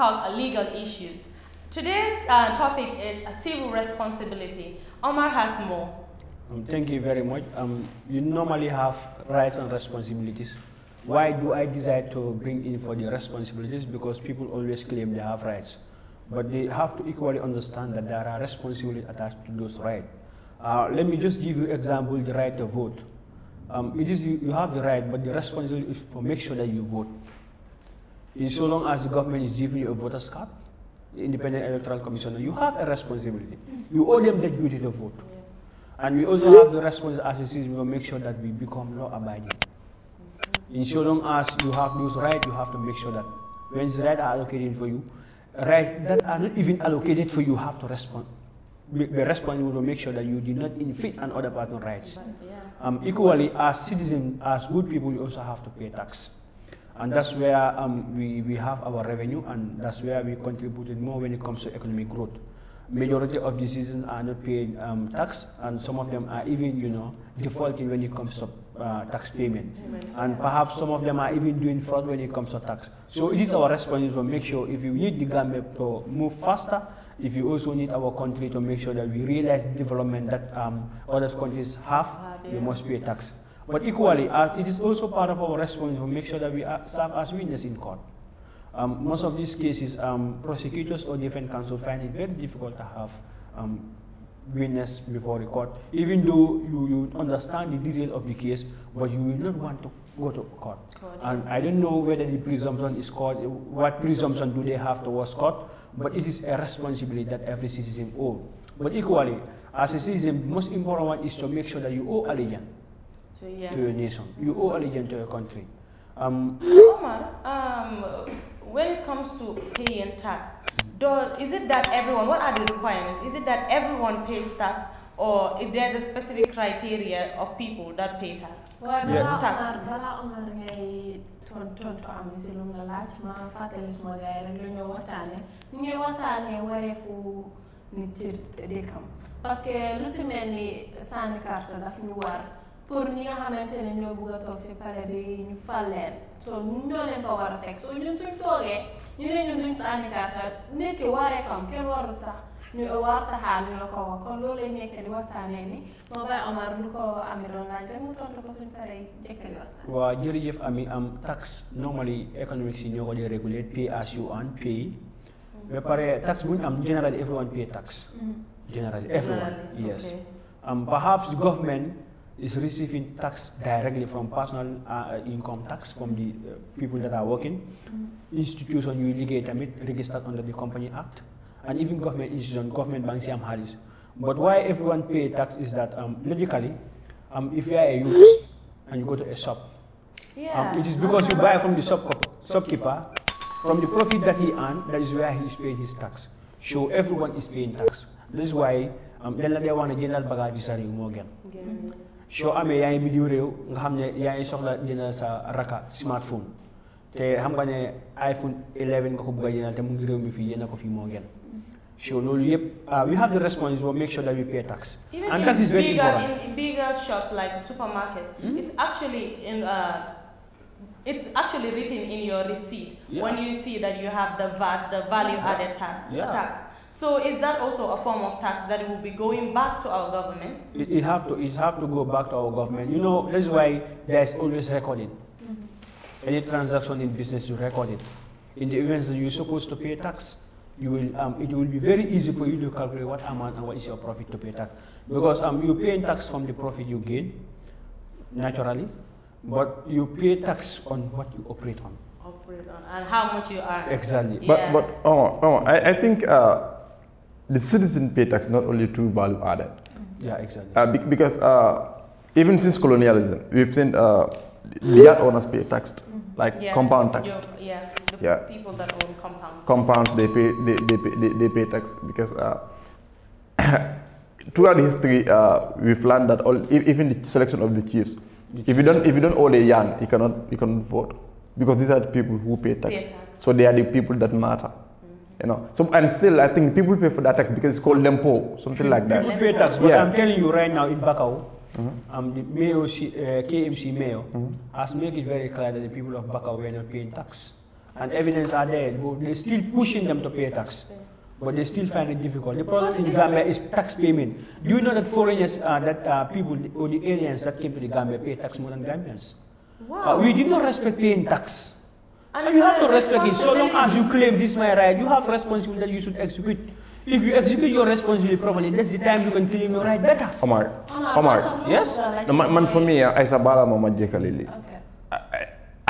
talk legal issues. Today's uh, topic is civil responsibility. Omar has more. Um, thank you very much. Um, you normally have rights and responsibilities. Why do I decide to bring in for the responsibilities? Because people always claim they have rights. But they have to equally understand that there are responsibilities attached to those rights. Uh, let me just give you example, the right to vote. Um, it is you have the right, but the responsibility is to make sure that you vote so long as the government is giving you a voter's card, the Independent Electoral Commission, you have a responsibility. You owe them the duty to vote. And we also have the responsibility as a to make sure that we become law-abiding. In so long as you have those rights, you have to make sure that when the rights are allocated for you, rights that are not even allocated for you have to respond. Be responsible to make sure that you do not infringe on other person's rights. Um, equally, as citizens, as good people, you also have to pay tax. And that's where um, we, we have our revenue and that's where we contributed more when it comes to economic growth. Majority of the citizens are not paying um, tax and some of them are even, you know, defaulting when it comes to uh, tax payment. And perhaps some of them are even doing fraud when it comes to tax. So it is our responsibility to make sure if you need the government to move faster, if you also need our country to make sure that we realize development that um, other countries have, you must pay tax. But equally, as it is also part of our responsibility to make sure that we serve as witness in court. Um, most of these cases, um, prosecutors or defense counsel find it very difficult to have um, witness before the court, even though you, you understand the detail of the case, but you will not want to go to court. And I don't know whether the presumption is court, what presumption do they have towards court, but it is a responsibility that every citizen owes. But equally, as a citizen, most important one is to make sure that you owe allegiance to your, to nation. You owe allegiance to your country. Um, um, when it comes to paying tax, is it that everyone, what are the requirements? Is it that everyone pays tax or if there's a specific criteria of people that pay tax? Bala Omar ngay tontu am si lu nga laaj ma fàttali suma gars yi rek lu ñoo waxtaane ñu ñuy waxtaane wareefu nit ci dëkkam parce que lu si mel ni sànni carte war pour ñi nga xamante ne ñoo bugg a toog si pare bi ñu fal leen soo ñoo leen fa war a teg soo ñun suñ toogee ñu ne ñun duñ sànni karta nekk waree fam kenn warul sax ñu war taxaar ñu la ko wax kon loolu lay nekk di waxtaanee ni moo Omar lu ko doon laaj rek mu tontu ko suñ waxtaan waaw jërëjëf ami am tax normally economics yi ñoo ko dee regulate pay as you earn pay mm-hmm. pare tax bu ñu am generally everyone pay tax mm-hmm. generally everyone yes um, perhaps government is receiving tax directly from personal uh, income tax from the uh, people that are working. Institution you ligate tamit registered under the Company Act, and even government institution, government banks and Harris. But why everyone pay tax is that um, logically, um, if you are a youth and you go to a shop, um, yeah. um, it is because you buy from the shop shopkeeper from the profit that he earned. That is where he is paying his tax. So everyone is paying tax. That is why um, they want a general bagage salary more again soo amee yaa ngi bitim réew nga xam ne yaa ngi soxla jëndal sa raka smartphone te xam nga ne iPhone 11 nga ko bëgg a jëndal te mu ngi réew mi fii jënd ko fii moo gën so loolu yëpp we uh, have the responsibility to make sure that we pay tax. and tax is very important even in bigger shops like supermarkets. Hmm? it's actually in. Uh, it's actually written in your receipt when you see that you have the VAT, the value added tax. tax. So is that also a form of tax that will be going back to our government? It, it have to it have to go back to our government. You know that's why there's always recording. Mm -hmm. Any transaction in business you record it. In the events that you're supposed to pay tax, you will um, it will be very easy for you to calculate what amount and what is your profit to pay tax because um, you pay tax from the profit you gain naturally, but you pay tax on what you operate on. Operate on and how much you earn. Exactly, yeah. but but oh, oh I I think. Uh, the citizen pay tax, not only to value added. Yeah, exactly. Uh, be because uh, even since colonialism, we've seen uh, the yard owners pay tax, like yeah, compound tax. Yeah, yeah, yeah. people that own compounds. Compounds, they pay, they, they pay, they, they pay tax because uh, throughout history, uh, we've learned that all, even the selection of the chiefs, if you don't if you don't own a yarn, you cannot you cannot vote because these are the people who pay tax. Pay tax. So they are the people that matter. You know, so and still I think people pay for that tax because it's called lempo, something people like that. People pay tax, but yeah. I'm telling you right now in Bakau, mm -hmm. the mayor, uh, KMC mayor, mm -hmm. has made it very clear that the people of Bakau were not paying tax, and evidence are there. They're still pushing them to pay tax but they still find it difficult. The problem in Gambia is tax payment. Do you know that foreigners, uh, that uh, people or the aliens that came to the Gambia pay tax more than Gambians? Wow. Uh, we did not respect paying tax. And, and you have to respect it. So long as you claim this my right, you have responsibility that you should execute. If you execute your responsibility properly, that's the time you can claim your right better. Omar, Omar, Omar. yes? No, man, man, for me, uh, I Bala Mama Jekalili.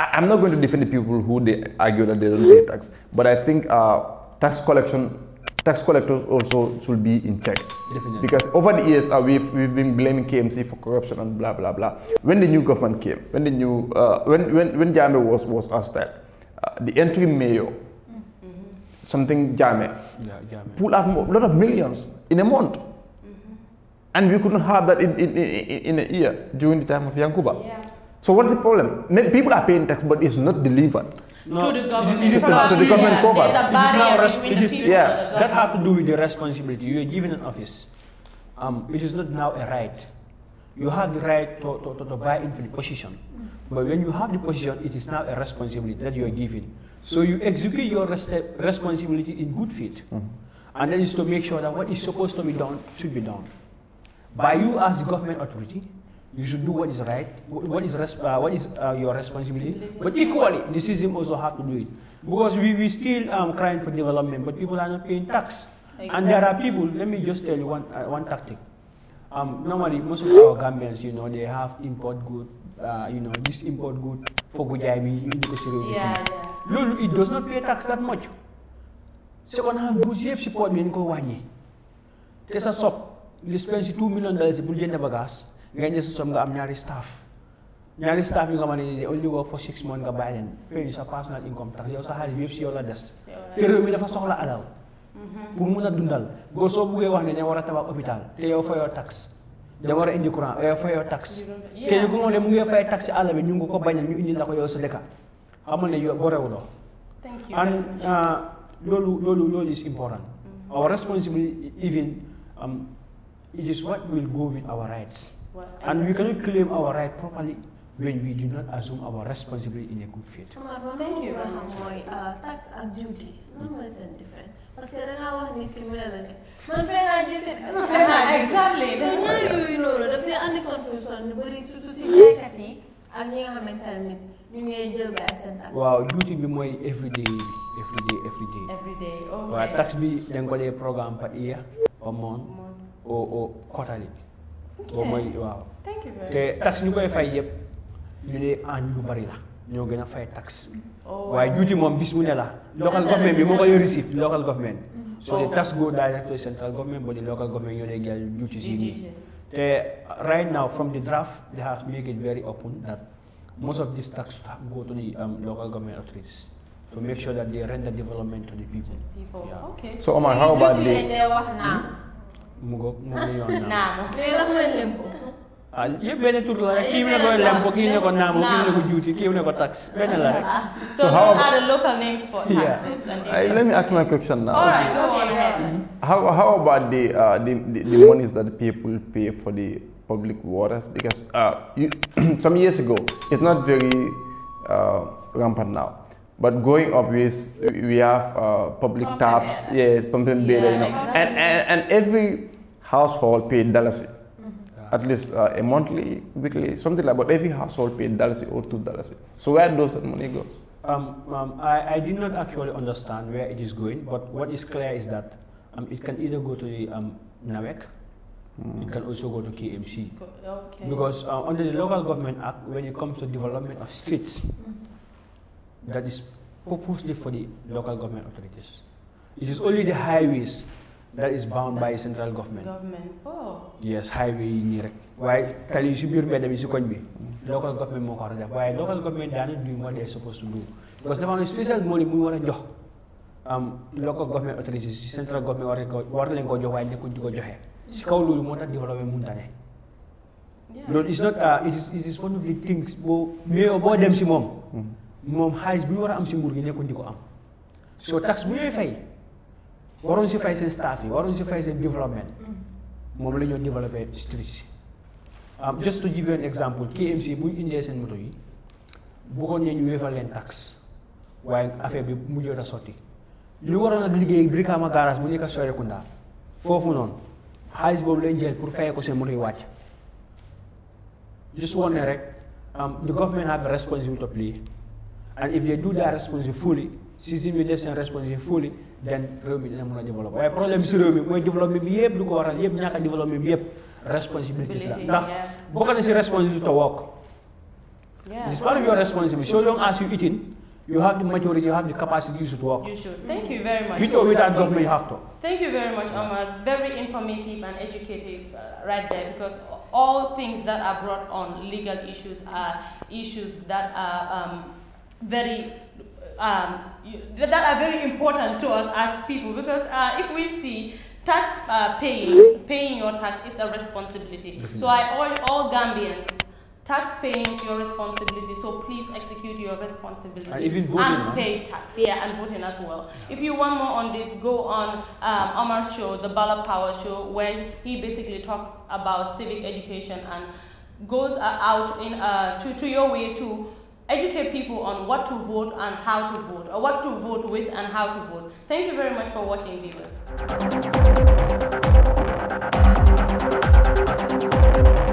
I'm not going to defend the people who they argue that they don't pay tax, but I think uh, tax collection, tax collectors also should be in check. Definitely. Because over the years, uh, we've, we've been blaming KMC for corruption and blah, blah, blah. When the new government came, when the new, uh, when, when, when Jambi was, was that. Uh, the entry mayor, mm -hmm. something Jame, yeah, Jame. pull up a lot of millions in a month. Mm -hmm. And we couldn't have that in, in, in, in a year during the time of Yankuba. Yeah. So what's the problem? People are paying tax, but it's not delivered. No, to the government. It is not to the government It is yeah. That have to do with the responsibility. You are given an office. Um, it is not now a right you have the right to, to, to, to vie the position. But when you have the position, it is now a responsibility that you are given. So you execute your responsibility in good faith. Mm -hmm. And that is to make sure that what is supposed to be done should be done. By you as the government authority, you should do what is right, what is, uh, what is uh, your responsibility. But equally, the system also have to do it. Because we, we still um, crying for development, but people are not paying tax. And there are people, let me just tell you one, uh, one tactic. Um, normally, most of our Gambians, you know, they have import good, uh, you know, this import good for good IB, yeah, yeah. Lulu, it does not pay tax that much. Second hand goods, yep, support me in go There's a shop, you spend two million a billion bagas, you can just some Gambian staff. nyari staff yang kemarin, xamante only work for six months nga bàyyi leen sa personal income tax yow sa xaalis bi yëpp si yow la des te pour mun a dundal goo soo buggee wax ne ña war a tabax hôpital te yow fayoo taxe da war a indi courant yow fayoo taxe te yu gëmoo ne mu ngi fay taxe àll bi ñu ngi ko bañal ñu la ko yow sa dëkka xamal ne yow and lo uh, loolu loolu loolu is important mm-hmm. our responsibility even um, it is what will go with our rights and we cannot claim our right properly when we do not assume our responsibility in a good faith. Thank you. Uh, tax and duty, no mm. different. parce que wax nit ki mu ne la man fee naa jiite fee naa exactly so ñaar yooyu noonu daf lay andi confusion ñu bëri si baykat yi ak jël bi mooy everyday bi everyday everyday everyday waaw tax bi dañ ko dee programme mooy te tax ñu koy fay yëpp ñu ne añ lu bari la ñoo gën a fay tax oh, waaye juuti moom bis mu ne la local government bi moo koy receive local government mm-hmm. so the oh. tax go directly to central government but the local government ñoo lay jël juuti si nii te right now from the draft they have made it very open that most of these tax go to the um, local government authorities to make sure that they render development to the people. people. Yeah. Okay. So Omar, how about the... Mugo, mugo yon na ah yëpp benn tur la rek kii mu ne ko Lambo kii mu ne ko Nambo kii mu ne ko Juuti kii ne ko Tax benn la rek. so how are the local names for taxes yeah. let me ask my question now. All right, okay. Mm-hmm. How how about the uh, the, the the monies that people pay for the public waters because uh, you, some years ago it's not very uh, rampant now. But going up, we, we have uh, public Pump taps, yeah, pumping yeah, beta, you know, and, and, and every household paid dollars at least uh, a monthly, weekly, something like. that. every household paid dollars or two dollars. So where does that money go? Um, um, I, I do not actually understand where it is going, but what is clear is that um, it can either go to the um, mm. it can also go to KMC. Okay. Because uh, under the Local Government Act, when it comes to development of streets, that is purposely for the local government authorities. It is only the highways that is bound by central government. government oh. yes highway yi nii rek. waaye tali si biir mbedd bi si koñ bi. local government moo ko war a def waaye local government daanu do what they supposed to do. because dafa am special money mu war a jox. local government authorities si central government war ko war koo jox waaye nekkuñ di ko joxe. si kaw loolu moo tax développement mënta ne. loolu it's not uh, it is it boo. mais boo dem si moom. Mm. moom xaalis bi ñu war a am si nguur gi nekkuñ di ko soo tax bu ñuy fay. waroon si fay seen staff yi waroon si fay seen développement mm. moom la ñoo street si am um, just to give you an example KMC bu ñu indee seen moto yi bëggoon nañu wéefal leen tax waaye affaire bi mujjoon a sotti li waroon ak liggéey Brikama garage bu nekk Serekunda foofu noonu xaalis boobu lañ jël pour fayee ko seen moto yi wàcc just one ne um, the government have a responsibility to play and if they do that responsibility fully système bi def seen responsabilité fully then réew mi dina mën a développé waaye problème bi si réew mi mooy développement bi yëpp lu ko waral yëpp ñàkk a développement bi yëpp responsibilities la ndax bokk na si responsibility to work it is part of your responsibility so long as you eating you have the majority, you have the capacity, you should work. You should. Thank you very much. With or without government, you have to. Thank you very much, Omar. Very informative and educative uh, right there because all things that are brought on legal issues are issues that are um, very um, that are very important to us as people because uh, if we see tax uh, paying, paying your tax, it's a responsibility. So I urge all Gambians, tax paying is your responsibility. So please execute your responsibility. Uh, even voting, and pay tax, yeah, and voting as well. If you want more on this, go on um, Omar's show, the Bala Power show, where he basically talks about civic education and goes uh, out in uh, to, to your way to educate people on what to vote and how to vote, or what to vote with and how to vote. Thank you very much for watching, viewers.